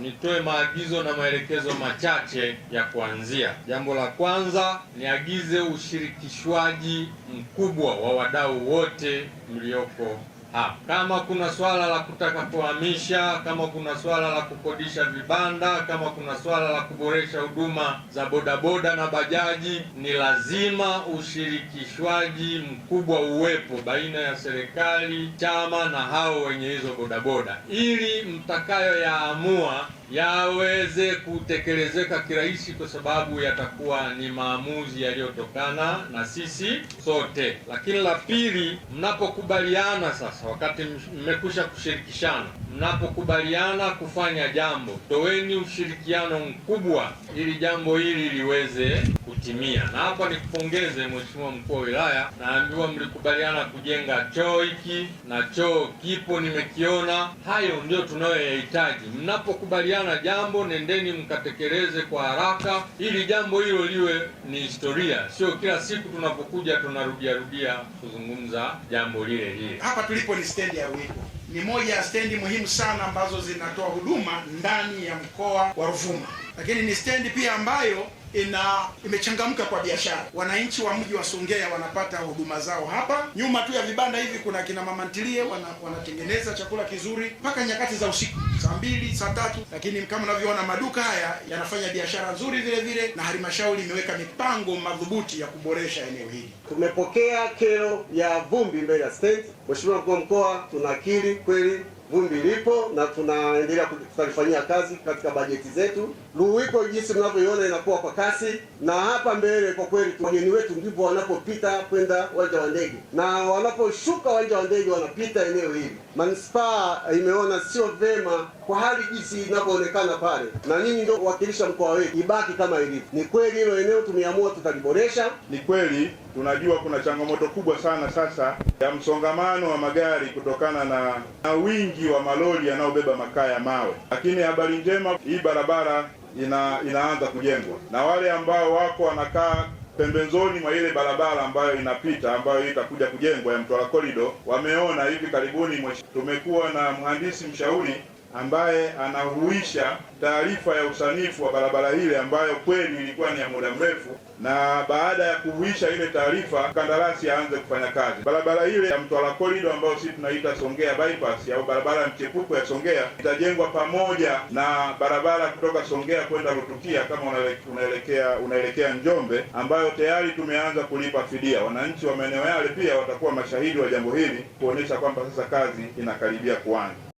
nitoe maagizo na maelekezo machache ya kuanzia. Jambo la kwanza, niagize ushirikishwaji mkubwa wa wadau wote mlioko Ha, ah, kama kuna swala la kutaka kuhamisha, kama kuna swala la kukodisha vibanda, kama kuna swala la kuboresha huduma za bodaboda na bajaji, ni lazima ushirikishwaji mkubwa uwepo baina ya serikali, chama na hao wenye hizo bodaboda, ili mtakayoyaamua yaweze kutekelezeka kirahisi, kwa sababu yatakuwa ni maamuzi yaliyotokana na sisi sote. Lakini la pili, mnapokubaliana sasa, wakati mmekusha kushirikishana, mnapokubaliana kufanya jambo, toweni ushirikiano mkubwa ili jambo hili liweze kutimia. Na hapa nikupongeze Mheshimiwa Mkuu wa Wilaya, naambiwa mlikubaliana kujenga choo hiki na choo kipo, nimekiona. Hayo ndio tunayoyahitaji mnapokubaliana mmekubaliana jambo, nendeni mkatekeleze kwa haraka, ili jambo hilo liwe ni historia, sio kila siku tunapokuja tunarudiarudia kuzungumza jambo lile lile. Hapa tulipo ni stendi ya Wiko, ni moja ya stendi muhimu sana ambazo zinatoa huduma ndani ya mkoa wa Ruvuma lakini ni stendi pia ambayo ina imechangamka kwa biashara. Wananchi wa mji wa Songea wanapata huduma zao hapa. Nyuma tu ya vibanda hivi kuna kina mama ntilie wana, wanatengeneza chakula kizuri mpaka nyakati za usiku saa mbili, saa tatu. Lakini kama unavyoona maduka haya yanafanya biashara nzuri vile vile, na halmashauri imeweka mipango madhubuti ya kuboresha eneo hili. Tumepokea kero ya vumbi mbele ya stendi. Mheshimiwa mkuu wa mkoa, tunakiri kweli vumbi lipo na tunaendelea kutalifanyia kazi katika bajeti zetu. Ruwiko jinsi mnavyoiona inakuwa kwa kasi, na hapa mbele kwa kweli wageni wetu ndipo wanapopita kwenda uwanja wa ndege, na wanaposhuka uwanja wa ndege wanapita eneo hili. Manispaa imeona sio vema kwa hali jinsi inavyoonekana pale, na nyinyi ndio wakilisha mkoa wetu, ibaki kama ilivyo. Ni kweli hilo eneo tumeamua tutaliboresha, ni kweli tunajua kuna changamoto kubwa sana sasa ya msongamano wa magari kutokana na, na wingi wa malori yanayobeba makaa ya mawe, lakini habari njema, hii barabara ina, inaanza kujengwa na wale ambao wako wanakaa pembezoni mwa ile barabara ambayo inapita ambayo itakuja kujengwa ya Mtwara Korido, wameona hivi karibuni tumekuwa na mhandisi mshauri ambaye anahuisha taarifa ya usanifu wa barabara ile ambayo kweli ilikuwa ni ya muda mrefu, na baada ya kuhuisha ile taarifa, kandarasi aanze kufanya kazi. Barabara ile ya Mtwara korido ambayo sisi tunaita Songea bypass au barabara ya mchepuko ya Songea itajengwa pamoja na barabara kutoka Songea kwenda rutukia kama unaelekea unaelekea Njombe, ambayo tayari tumeanza kulipa fidia. Wananchi wa maeneo yale pia watakuwa mashahidi wa jambo hili kuonesha kwamba sasa kazi inakaribia kuanza.